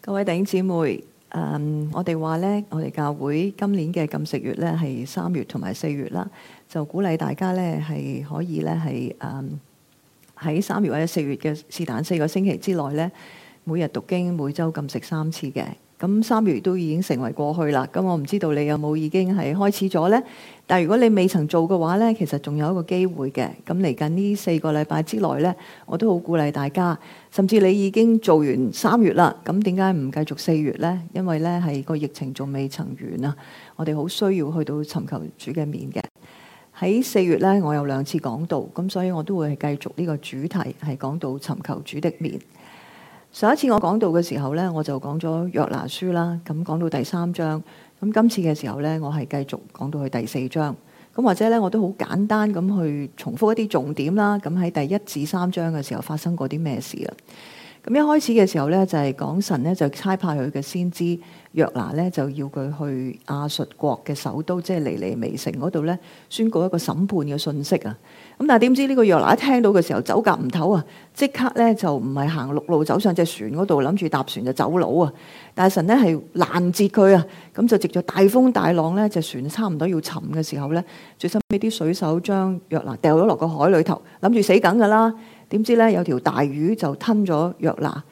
各位弟兄姐妹，誒、um，我哋話咧，我哋教會今年嘅禁食月咧係三月同埋四月啦，就鼓勵大家咧係可以咧係誒喺三月或者四月嘅是但四個星期之內咧，每日讀經，每週禁食三次嘅。咁三月都已經成為過去啦，咁我唔知道你有冇已經係開始咗呢？但如果你未曾做嘅話呢，其實仲有一個機會嘅。咁嚟緊呢四個禮拜之內呢，我都好鼓勵大家。甚至你已經做完三月啦，咁點解唔繼續四月呢？因為呢係個疫情仲未曾完啊！我哋好需要去到尋求主嘅面嘅。喺四月呢，我有兩次講道。咁所以我都會係繼續呢個主題，係講到尋求主的面。上一次我講到嘅時候呢，我就講咗約拿書啦，咁講到第三章，咁今次嘅時候呢，我係繼續講到去第四章，咁或者呢，我都好簡單咁去重複一啲重點啦，咁喺第一至三章嘅時候發生過啲咩事啊？咁一開始嘅時候咧，就係講神咧就差派佢嘅先知約拿咧，就要佢去亞述國嘅首都，即係尼尼微城嗰度咧，宣佈一個審判嘅信息啊！咁但係點知呢個約拿一聽到嘅時候走夾唔唞啊，即刻咧就唔係行陸路，走上隻船嗰度，諗住搭船就走佬啊！但係神咧係攔截佢啊，咁就直造大風大浪咧，隻船差唔多要沉嘅時候咧，最衰俾啲水手將約拿掉咗落個海裡頭，諗住死梗噶啦。點知咧，有條大魚就吞咗約拿，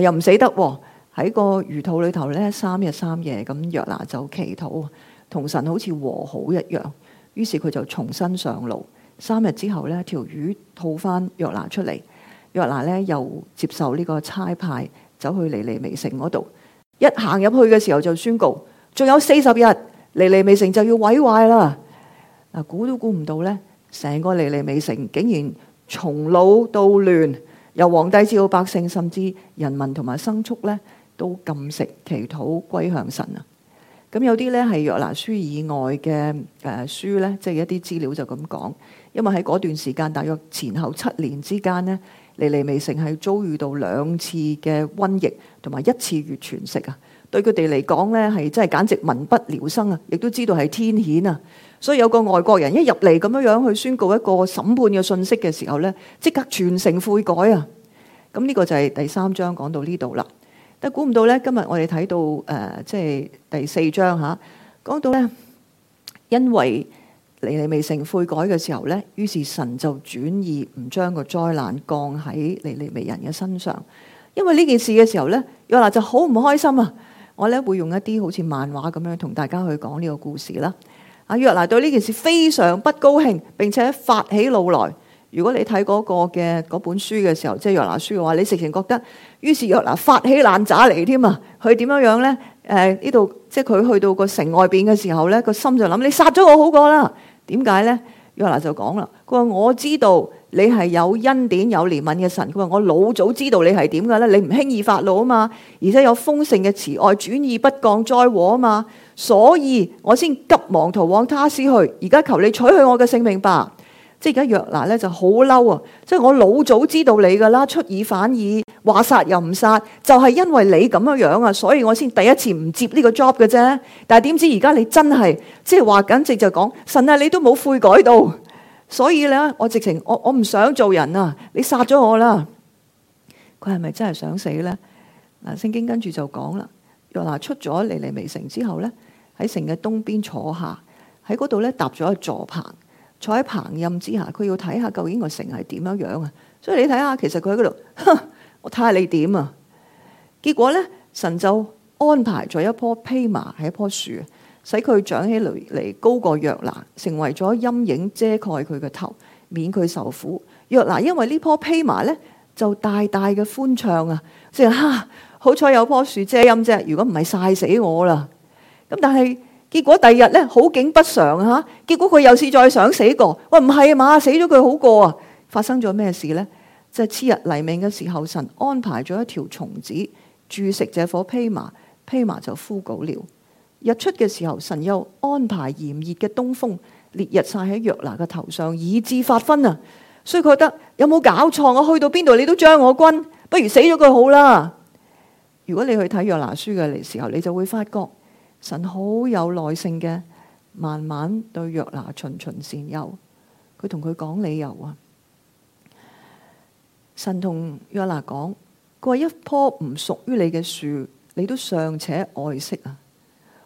又唔死得喎。喺個魚肚裏頭咧，三日三夜咁約拿就祈禱，同神好似和好一樣。於是佢就重新上路。三日之後呢，條魚吐翻約拿出嚟。約拿呢又接受呢個差派，走去尼尼微城嗰度。一行入去嘅時候就宣告，仲有四十日，尼尼微城就要毀壞啦。嗱，估都估唔到呢，成個尼尼微城竟然～從老到亂，由皇帝至老百姓，甚至人民同埋牲畜呢，都禁食祈禱，歸向神啊！咁有啲呢係《若拿書》以外嘅誒書呢，即係一啲資料就咁講，因為喺嗰段時間，大約前後七年之間呢，尼尼微城，係遭遇到兩次嘅瘟疫，同埋一次月全食啊！對佢哋嚟講呢係真係簡直民不聊生啊！亦都知道係天譴啊！所以有個外國人一入嚟咁樣樣去宣告一個審判嘅信息嘅時候呢，即刻全城悔改啊！咁呢個就係第三章講到呢度啦。但估唔到呢，今日我哋睇到誒，即係第四章嚇，講到呢，因為。尼尼微城悔改嘅時候呢，於是神就轉意唔將個災難降喺尼尼微人嘅身上，因為呢件事嘅時候呢，約拿就好唔開心啊！我咧會用一啲好似漫畫咁樣同大家去講呢個故事啦。阿約拿對呢件事非常不高興，並且發起怒來。如果你睇嗰個嘅嗰本書嘅時候，即係約拿書嘅話，你直情覺得，於是約拿發起爛渣嚟添啊！佢點樣樣呢？誒呢度即係佢去到個城外邊嘅時候呢，個心就諗：你殺咗我好過啦！點解呢？約拿就講啦，佢話我知道你係有恩典有憐憫嘅神。佢話我老早知道你係點嘅呢，你唔輕易發怒啊嘛，而且有豐盛嘅慈愛，轉意不降災禍啊嘛，所以我先急忙逃往他施去。而家求你取去我嘅性命吧。即係而家約拿咧就好嬲啊！即係我老早知道你噶啦，出爾反爾，話殺又唔殺，就係因為你咁樣樣啊，所以我先第一次唔接呢個 job 嘅啫。但係點知而家你真係，即係話緊直就講神啊！你都冇悔改到，所以咧我直情我我唔想做人啊！你殺咗我啦！佢係咪真係想死咧？嗱，聖經跟住就講啦，約拿出咗尼尼微城之後咧，喺城嘅東邊坐下，喺嗰度咧搭咗個座棚。坐喺棚蔭之下，佢要睇下究竟個城係點樣樣啊！所以你睇下，其實佢喺嗰度，我睇下你點啊！結果呢，神就安排咗一棵蓖麻係一棵樹，使佢長起嚟嚟高過約拿，成為咗陰影遮蓋佢嘅頭，免佢受苦。約拿因為呢棵蓖麻呢，就大大嘅歡唱啊，即係吓好彩有棵樹遮陰啫，如果唔係曬死我啦！咁但係。結果第二日咧好景不常啊！哈，結果佢又是再想死過。喂，唔係嘛，死咗佢好過啊！發生咗咩事呢？即、就、係、是、次日黎明嘅時候，神安排咗一條蟲子注食這棵披麻，披麻就枯槁了。日出嘅時候，神又安排炎熱嘅東風烈日曬喺約拿嘅頭上，以致發昏啊！所以佢覺得有冇搞錯、啊？我去到邊度你都將我軍，不如死咗佢好啦！如果你去睇約拿書嘅時候，你就會發覺。神好有耐性嘅，慢慢對約拿循循善誘，佢同佢講理由啊。神同約拿講，佢話一棵唔屬於你嘅樹，你都尚且愛惜啊，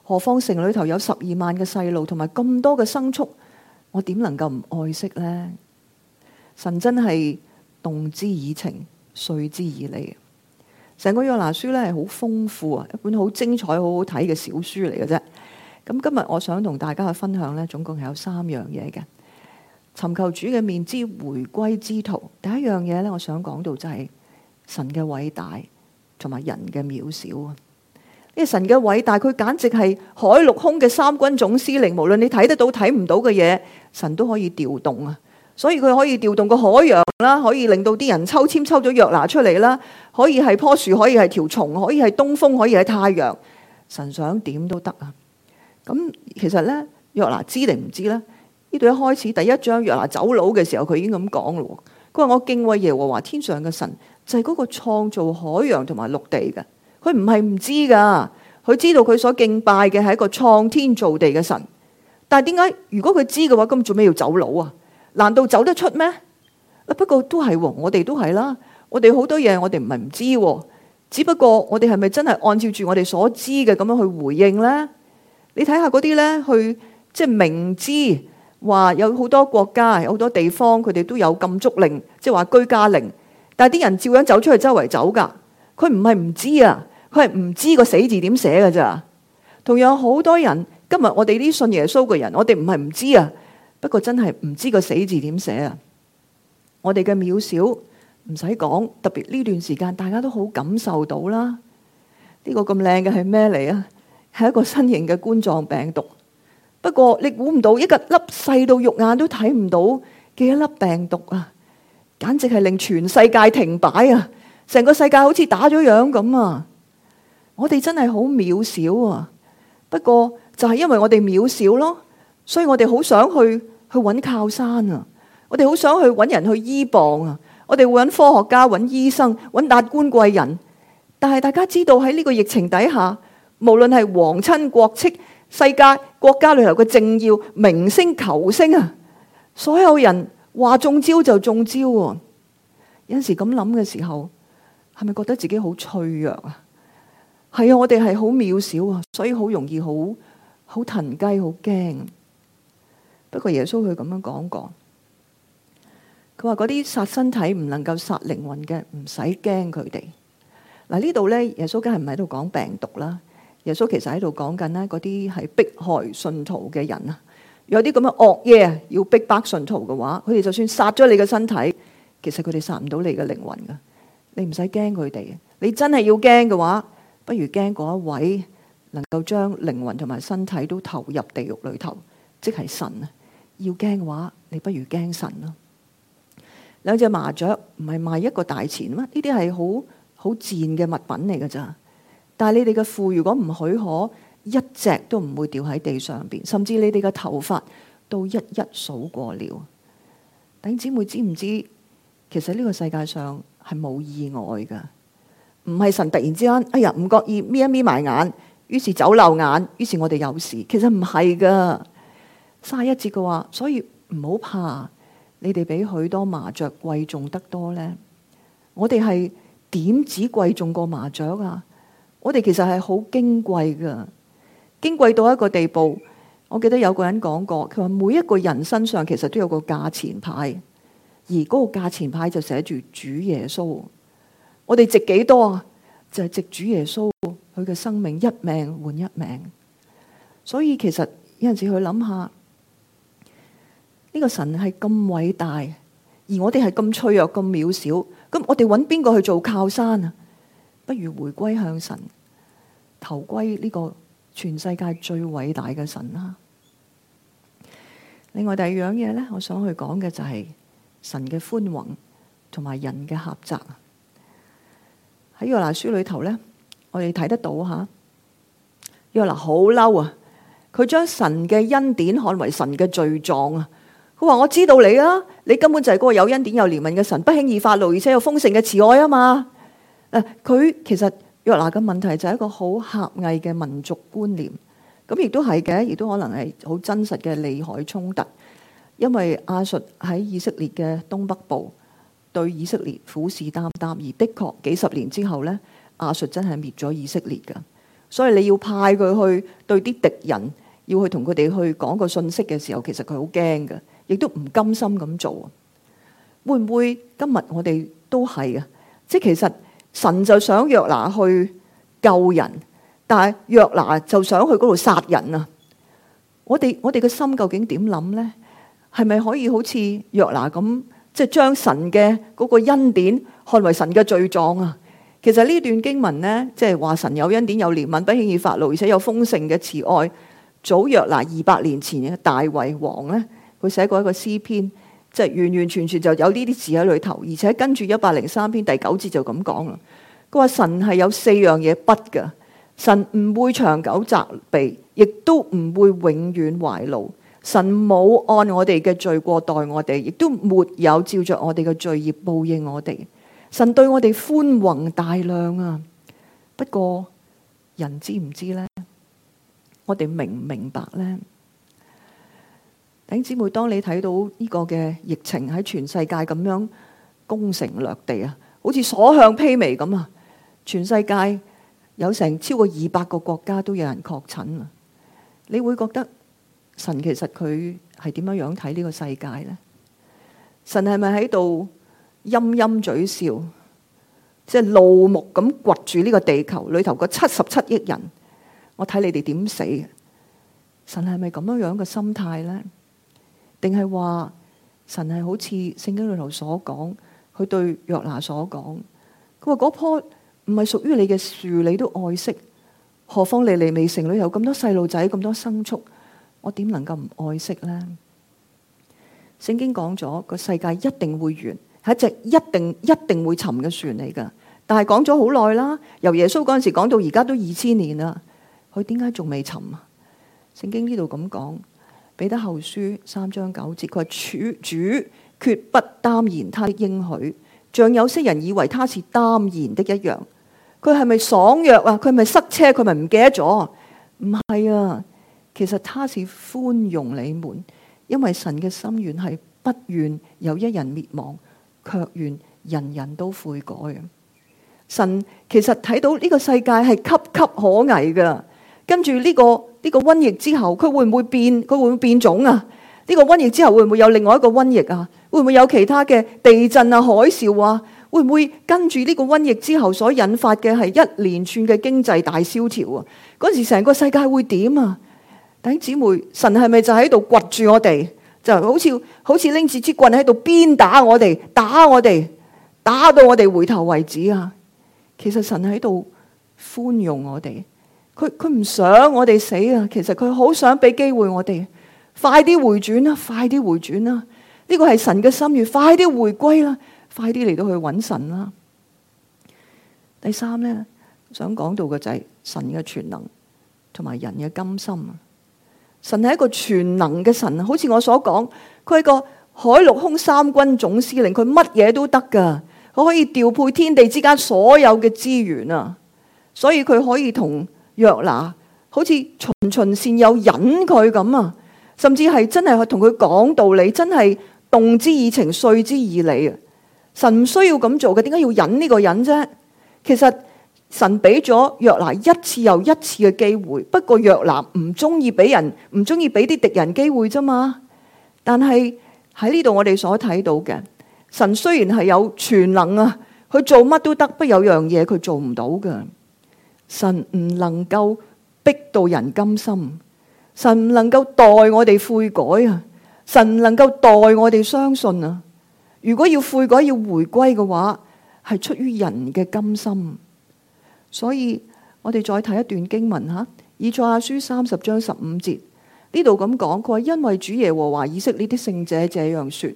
何況城裏頭有十二萬嘅細路，同埋咁多嘅牲畜，我點能夠唔愛惜呢？神真係動之以情，說之以理。成個《約拿書》咧係好豐富啊，一本好精彩、好好睇嘅小書嚟嘅啫。咁今日我想同大家去分享咧，總共係有三樣嘢嘅。尋求主嘅面之回歸之途，第一樣嘢咧，我想講到就係神嘅偉大同埋人嘅渺小啊！呢個神嘅偉大，佢簡直係海陸空嘅三軍總司令，無論你睇得到睇唔到嘅嘢，神都可以調動啊！所以佢可以調動個海洋啦，可以令到啲人抽籤抽咗約拿出嚟啦。可以係棵樹，可以係條蟲，可以係東風，可以係太陽。神想點都得啊。咁其實呢，約拿知定唔知呢？呢度一開始第一章，約拿走佬嘅時候，佢已經咁講咯。佢話我敬畏耶和華天上嘅神，就係嗰個創造海洋同埋陸地嘅。佢唔係唔知噶，佢知道佢所敬拜嘅係一個創天造地嘅神。但係點解如果佢知嘅話，咁做咩要走佬啊？難道走得出咩？不過都係喎、哦，我哋都係啦。我哋好多嘢，我哋唔係唔知喎、哦。只不過我哋係咪真係按照住我哋所知嘅咁樣去回應呢？你睇下嗰啲呢，去即係明知話有好多國家、好多地方，佢哋都有禁足令，即係話居家令，但係啲人照樣走出去周圍走，周圍走噶。佢唔係唔知啊，佢係唔知個死字點寫嘅咋。同樣好多人，今日我哋啲信耶穌嘅人，我哋唔係唔知啊。不過真係唔知個死字點寫啊！我哋嘅渺小唔使講，特別呢段時間大家都好感受到啦。這個、這呢個咁靚嘅係咩嚟啊？係一個新型嘅冠狀病毒。不過你估唔到一個粒細到肉眼都睇唔到嘅一粒病毒啊，簡直係令全世界停擺啊！成個世界好似打咗樣咁啊！我哋真係好渺小啊！不過就係因為我哋渺小咯。所以我哋好想去去揾靠山啊！我哋好想去揾人去依傍啊！我哋會揾科學家、揾醫生、揾達官貴人。但係大家知道喺呢個疫情底下，無論係皇親國戚、世界國家裏頭嘅政要、明星球星啊，所有人話中招就中招啊。有時咁諗嘅時候，係咪覺得自己好脆弱啊？係啊，我哋係好渺小啊，所以好容易好好騰雞、好驚。不過耶穌佢咁樣講過，佢話嗰啲殺身體唔能夠殺靈魂嘅，唔使驚佢哋。嗱，呢度呢，耶穌梗係唔係喺度講病毒啦。耶穌其實喺度講緊呢嗰啲係迫害信徒嘅人啊，有啲咁嘅惡嘢要逼迫信徒嘅話，佢哋就算殺咗你嘅身體，其實佢哋殺唔到你嘅靈魂噶。你唔使驚佢哋，你真係要驚嘅話，不如驚嗰一位能夠將靈魂同埋身體都投入地獄裏頭，即係神啊！要驚嘅話，你不如驚神咯。兩隻麻雀唔係賣一個大錢咩？呢啲係好好賤嘅物品嚟嘅咋。但係你哋嘅父如果唔許可，一隻都唔會掉喺地上邊。甚至你哋嘅頭髮都一一數過了。弟兄姊妹知唔知？其實呢個世界上係冇意外嘅，唔係神突然之間，哎呀唔覺意眯一眯埋眼，於是走漏眼，於是我哋有事。其實唔係噶。卅一節嘅話，所以唔好怕。你哋比許多麻雀貴重得多呢？我哋係點止貴重過麻雀啊！我哋其實係好矜貴噶，矜貴到一個地步。我記得有個人講過，佢話每一個人身上其實都有個價錢牌，而嗰個價錢牌就寫住主耶穌。我哋值幾多啊？就係、是、值主耶穌佢嘅生命，一命換一命。所以其實有陣時去諗下。呢個神係咁偉大，而我哋係咁脆弱，咁渺小，咁我哋揾邊個去做靠山啊？不如回歸向神，投歸呢個全世界最偉大嘅神啦。另外第二樣嘢呢，我想去講嘅就係神嘅寬宏同埋人嘅狹窄。喺約拿書裏頭呢，我哋睇得到吓，約拿好嬲啊！佢將神嘅恩典看為神嘅罪狀啊！佢話我知道你啊，你根本就係嗰個有恩典有憐憫嘅神，不輕易發怒，而且有豐盛嘅慈愛啊嘛。佢、呃、其實約拿嘅問題就係一個好狹隘嘅民族觀念，咁亦都係嘅，亦都可能係好真實嘅利害衝突。因為亞述喺以色列嘅東北部對以色列虎視眈眈，而的確幾十年之後呢，亞述真係滅咗以色列噶。所以你要派佢去對啲敵人，要去同佢哋去講個信息嘅時候，其實佢好驚噶。亦都唔甘心咁做，會唔會今日我哋都係啊？即係其實神就想約拿去救人，但係約拿就想去嗰度殺人啊！我哋我哋個心究竟點諗呢？係咪可以好似約拿咁，即係將神嘅嗰個恩典看為神嘅罪狀啊？其實呢段經文呢，即係話神有恩典、有憐憫，不輕易發怒，而且有豐盛嘅慈愛。早約拿二百年前嘅大衛王呢。佢寫過一個詩篇，即係完完全全就有呢啲字喺裏頭，而且跟住一百零三篇第九節就咁講啦。佢話神係有四樣嘢不嘅，神唔會長久責備，亦都唔會永遠懷怒。神冇按我哋嘅罪過待我哋，亦都沒有照着我哋嘅罪業報應我哋。神對我哋寬宏大量啊！不過人知唔知呢？我哋明唔明白呢？」兄姊妹，當你睇到呢個嘅疫情喺全世界咁樣攻城略地啊，好似所向披靡咁啊！全世界有成超過二百個國家都有人確診啊。你會覺得神其實佢係點樣樣睇呢個世界呢？神係咪喺度陰陰嘴笑，即係怒目咁掘住呢個地球裏頭嗰七十七億人，我睇你哋點死？神係咪咁樣樣嘅心態呢？定係話神係好似聖經裏頭所講，佢對若拿所講，佢話嗰棵，唔係屬於你嘅樹，你都愛惜，何況尼尼微城裏，有咁多細路仔，咁多牲畜，我點能夠唔愛惜呢？聖經講咗個世界一定會完，係一隻一定一定會沉嘅船嚟噶。但係講咗好耐啦，由耶穌嗰陣時講到而家都二千年啦，佢點解仲未沉啊？聖經呢度咁講。彼得後書三章九節，佢話，主主決不擔言他的應許，像有些人以為他是擔言的一樣。佢係咪爽約啊？佢係咪塞車？佢咪唔記得咗？唔係啊，其實他是寬容你們，因為神嘅心願係不願有一人滅亡，卻願人人都悔改。神其實睇到呢個世界係岌岌可危噶。跟住呢個呢個瘟疫之後，佢會唔會變？佢會唔會變種啊？呢個瘟疫之後會唔會有另外一個瘟疫啊？會唔會有其他嘅地震啊、海嘯啊？會唔會跟住呢個瘟疫之後所引發嘅係一連串嘅經濟大蕭條啊？嗰陣時成個世界會點啊？弟兄姊妹，神係咪就喺度掘住我哋？就好似好似拎住支棍喺度鞭打我哋，打我哋，打到我哋回頭為止啊！其實神喺度寬容我哋。佢佢唔想我哋死啊！其實佢好想俾機會我哋快啲回轉啦，快啲回轉啦。呢個係神嘅心願，快啲回歸啦，快啲嚟到去揾神啦。第三呢，想講到嘅就係神嘅全能同埋人嘅甘心啊。神係一個全能嘅神啊，好似我所講，佢係個海陸空三軍總司令，佢乜嘢都得噶，佢可以調配天地之間所有嘅資源啊，所以佢可以同。約拿好似循循善誘引佢咁啊，甚至係真係同佢講道理，真係動之以情，曉之以理啊！神唔需要咁做嘅，點解要引呢個人啫？其實神俾咗約拿一次又一次嘅機會，不過約拿唔中意俾人唔中意俾啲敵人機會啫嘛。但係喺呢度我哋所睇到嘅，神雖然係有全能啊，佢做乜都得，不有樣嘢佢做唔到嘅。神唔能夠逼到人甘心，神唔能夠代我哋悔改啊，神唔能夠代我哋相信啊。如果要悔改要回歸嘅話，係出於人嘅甘心。所以我哋再睇一段經文吓，《以賽亞書》三十章十五節呢度咁講，佢話因為主耶和華以色列的聖者這樣說：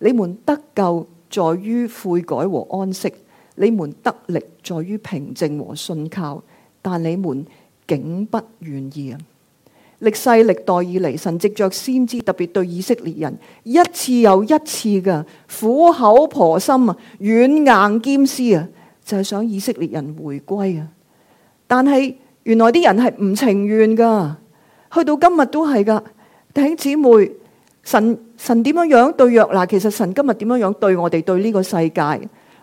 你們得救在於悔改和安息，你們得力在於平靜和信靠。但你們竟不願意啊！歷世歷代以嚟，神藉着先知，特別對以色列人，一次又一次嘅苦口婆心啊，軟硬兼施啊，就係想以色列人回歸啊。但係原來啲人係唔情願噶，去到今日都係噶。弟兄姊妹，神神點樣樣對約拿？其實神今日點樣樣對我哋？對呢個世界？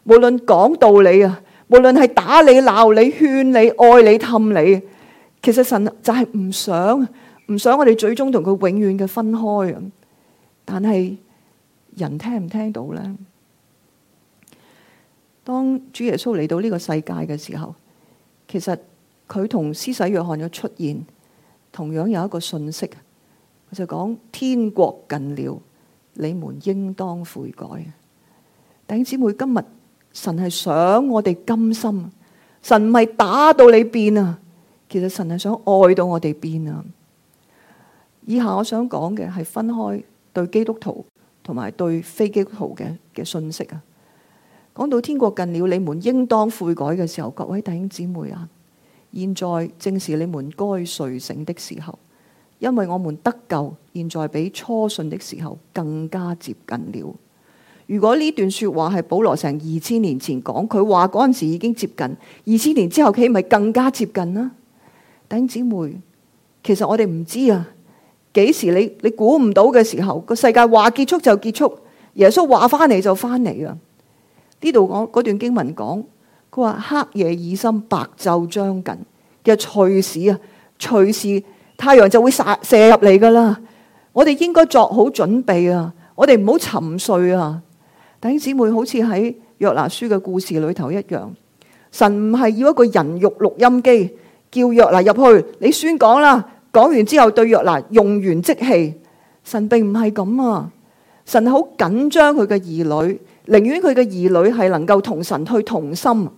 無論講道理啊，無論係打你、鬧你、勸你、愛你、氹你，其實神就係唔想唔想我哋最終同佢永遠嘅分開。但係人聽唔聽到呢？當主耶穌嚟到呢個世界嘅時候，其實佢同施洗約翰嘅出現，同樣有一個訊息，佢就講天國近了，你們應當悔改。弟兄姊妹，今日。神係想我哋甘心，神唔係打到你變啊！其實神係想愛到我哋變啊！以下我想講嘅係分開對基督徒同埋對非基督徒嘅嘅信息啊。講到天國近了，你們應當悔改嘅時候，各位弟兄姊妹啊，現在正是你們該睡醒的時候，因為我們得救，現在比初信的時候更加接近了。如果呢段說話係保羅成二千年前講，佢話嗰陣時已經接近二千年之後，佢咪更加接近啦？弟兄姊妹，其實我哋唔知啊，幾時你你估唔到嘅時候，個世界話結束就結束，耶穌話翻嚟就翻嚟啊！呢度講嗰段經文講，佢話黑夜已深，白晝將近，其實隨時啊，隨時太陽就會射射入嚟噶啦。我哋應該作好準備啊！我哋唔好沉睡啊！弟兄姊妹，好似喺約拿書嘅故事裏頭一樣，神唔係要一個人肉錄音機叫約拿入去，你宣講啦，講完之後對約拿用完即棄。神並唔係咁啊，神係好緊張佢嘅兒女，寧願佢嘅兒女係能夠同神去同心。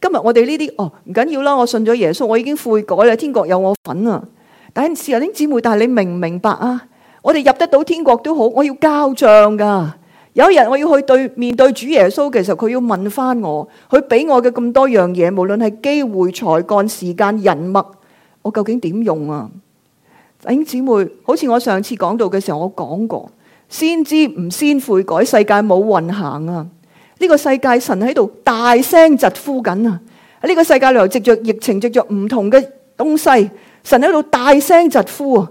今日我哋呢啲哦唔緊要啦，我信咗耶穌，我已經悔改啦，天國有我份啊！弟兄姊妹，但係你明唔明白啊？我哋入得到天國都好，我要交賬㗎。有一日我要去對面對主耶穌嘅時候，佢要問翻我，佢俾我嘅咁多樣嘢，無論係機會、才幹、時間、人脈，我究竟點用啊？弟兄姊妹，好似我上次講到嘅時候，我講過，先知唔先悔改，世界冇運行啊！呢、這個世界神喺度大聲疾呼緊啊！呢、這個世界裏藉著疫情，藉著唔同嘅東西，神喺度大聲疾呼啊，這個、疾呼啊，疾呼啊。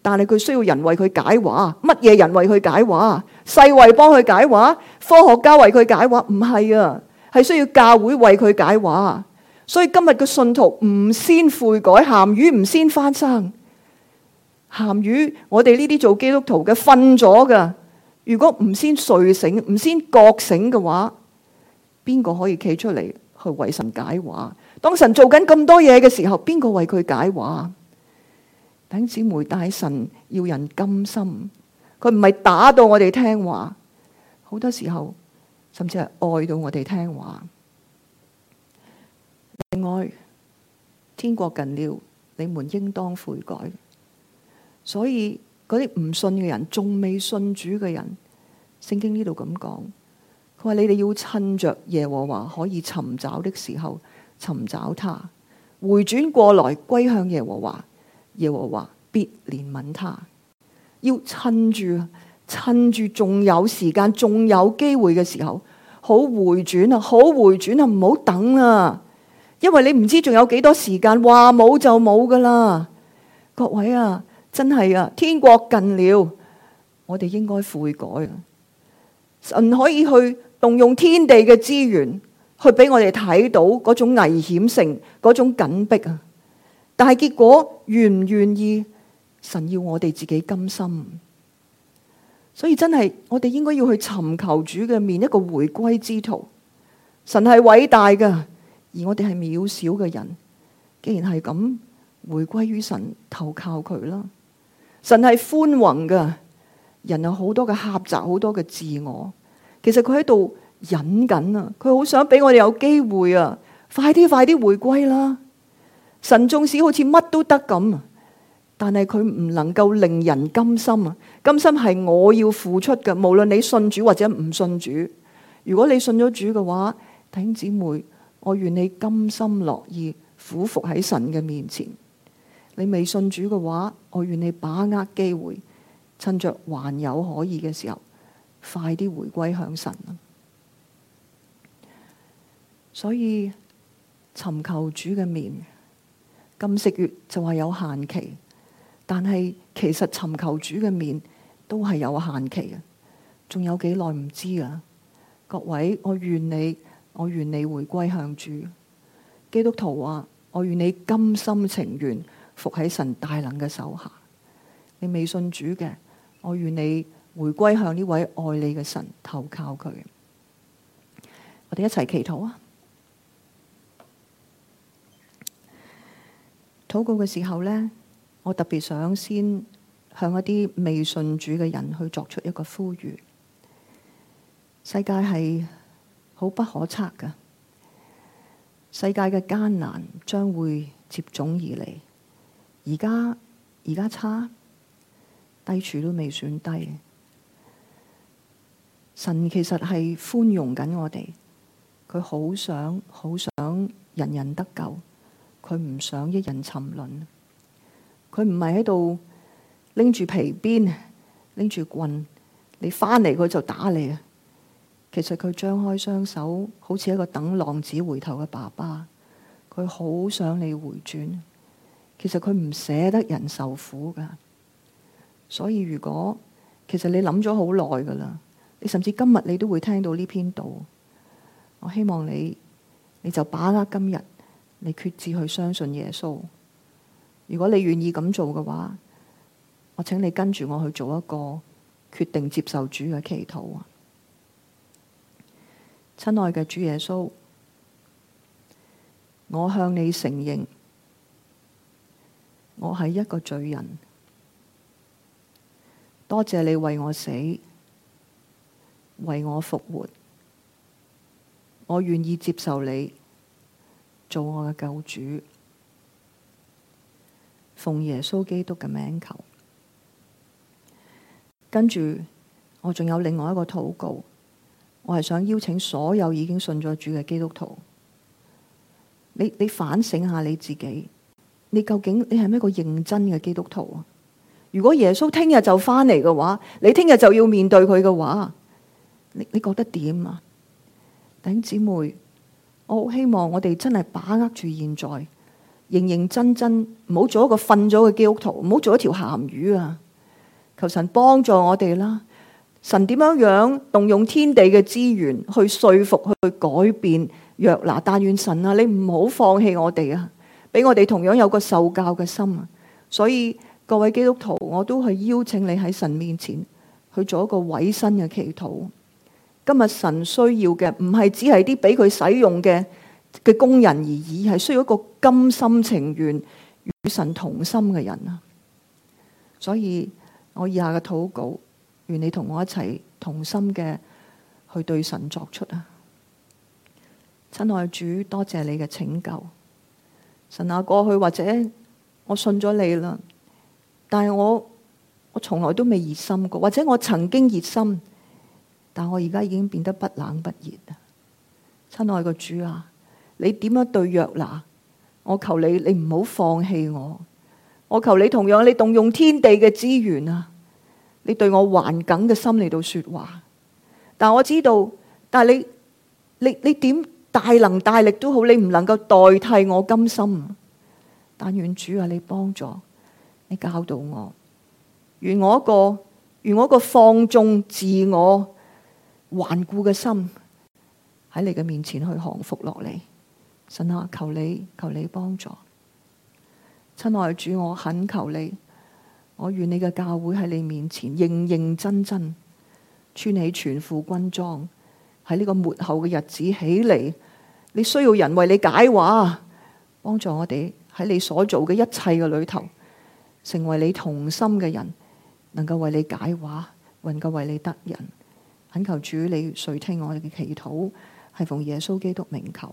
但係佢需要人為佢解話，乜嘢人為佢解話？世衛幫佢解話，科學家為佢解話，唔係啊，係需要教會為佢解話。所以今日嘅信徒唔先悔改，鹹魚唔先翻生。鹹魚，我哋呢啲做基督徒嘅瞓咗噶。如果唔先睡醒，唔先覺醒嘅話，邊個可以企出嚟去為神解話？當神做緊咁多嘢嘅時候，邊個為佢解話？等姊妹大神要人甘心。佢唔係打到我哋聽話，好多時候甚至係愛到我哋聽話。另外，天國近了，你們應當悔改。所以嗰啲唔信嘅人，仲未信主嘅人，聖經呢度咁講，佢話你哋要趁着耶和華可以尋找的時候，尋找他，回轉過來歸向耶和華，耶和華必憐憫他。要趁住啊，趁住仲有時間、仲有機會嘅時候，好回轉啊，好回轉啊！唔好等啊，因為你唔知仲有幾多時間，話冇就冇噶啦。各位啊，真係啊，天國近了，我哋應該悔改啊！神可以去動用天地嘅資源，去俾我哋睇到嗰種危險性、嗰種緊迫啊！但係結果願唔願意？神要我哋自己甘心，所以真係我哋應該要去尋求主嘅面，一個回歸之途。神係偉大嘅，而我哋係渺小嘅人。既然係咁，回歸於神，投靠佢啦。神係寬宏嘅，人有好多嘅狹窄，好多嘅自我。其實佢喺度忍緊啊，佢好想俾我哋有機會啊，快啲快啲回歸啦。神仲使好似乜都得咁。但係佢唔能夠令人甘心啊！甘心係我要付出嘅，無論你信主或者唔信主。如果你信咗主嘅話，弟兄姊妹，我願你甘心樂意，俯伏喺神嘅面前。你未信主嘅話，我願你把握機會，趁着還有可以嘅時候，快啲回歸向神。所以尋求主嘅面，金色月就係有限期。但係其實尋求主嘅面都係有限期嘅，仲有幾耐唔知啊！各位，我願你，我願你回歸向主。基督徒話，我願你甘心情願服喺神大能嘅手下。你未信主嘅，我願你回歸向呢位愛你嘅神投靠佢。我哋一齊祈禱啊！禱告嘅時候呢。我特別想先向一啲未信主嘅人去作出一個呼籲。世界係好不可測嘅，世界嘅艱難將會接踵而嚟。而家而家差低處都未算低，神其實係寬容緊我哋，佢好想好想人人得救，佢唔想一人沉淪。佢唔係喺度拎住皮鞭、拎住棍，你翻嚟佢就打你啊！其實佢張開雙手，好似一個等浪子回頭嘅爸爸，佢好想你回轉。其實佢唔捨得人受苦噶，所以如果其實你諗咗好耐噶啦，你甚至今日你都會聽到呢篇道。我希望你，你就把握今日，你決志去相信耶穌。如果你願意咁做嘅話，我請你跟住我去做一個決定，接受主嘅祈禱。親愛嘅主耶穌，我向你承認，我係一個罪人。多謝你為我死，為我復活，我願意接受你，做我嘅救主。奉耶穌基督嘅名求，跟住我仲有另外一個禱告，我係想邀請所有已經信咗主嘅基督徒，你，你反省下你自己，你究竟你係咪一個認真嘅基督徒啊？如果耶穌聽日就翻嚟嘅話，你聽日就要面對佢嘅話，你，你覺得點啊？弟兄姊妹，我好希望我哋真係把握住現在。認認真真，唔好做一個瞓咗嘅基督徒，唔好做一條鹹魚啊！求神幫助我哋啦，神點樣樣動用天地嘅資源去說服、去改變約拿？但願神啊，你唔好放棄我哋啊，俾我哋同樣有個受教嘅心。所以各位基督徒，我都去邀請你喺神面前去做一個委身嘅祈禱。今日神需要嘅唔係只係啲俾佢使用嘅嘅工人而已，係需要一個甘心情願與神同心嘅人啊！所以我以下嘅禱告，願你同我一齊同心嘅去對神作出啊！親愛主，多謝你嘅拯救。神啊，過去或者我信咗你啦，但係我我從來都未熱心過，或者我曾經熱心，但我而家已經變得不冷不熱啊！親愛嘅主啊！你點樣對約拿？我求你，你唔好放棄我。我求你同樣，你動用天地嘅資源啊！你對我頑梗嘅心嚟到說話。但我知道，但係你你你點大能大力都好，你唔能夠代替我甘心。但願主啊，你幫助，你教導我。願我一個願我一個放縱自我頑固嘅心喺你嘅面前去降服落嚟。神啊，求你，求你幫助，親愛主，我懇求你，我願你嘅教會喺你面前認認真真穿起全副軍裝喺呢個末後嘅日子起嚟。你需要人為你解話，幫助我哋喺你所做嘅一切嘅裏頭成為你同心嘅人，能夠為你解話，能夠為你得人。懇求主你，你垂聽我哋嘅祈禱，係奉耶穌基督名求。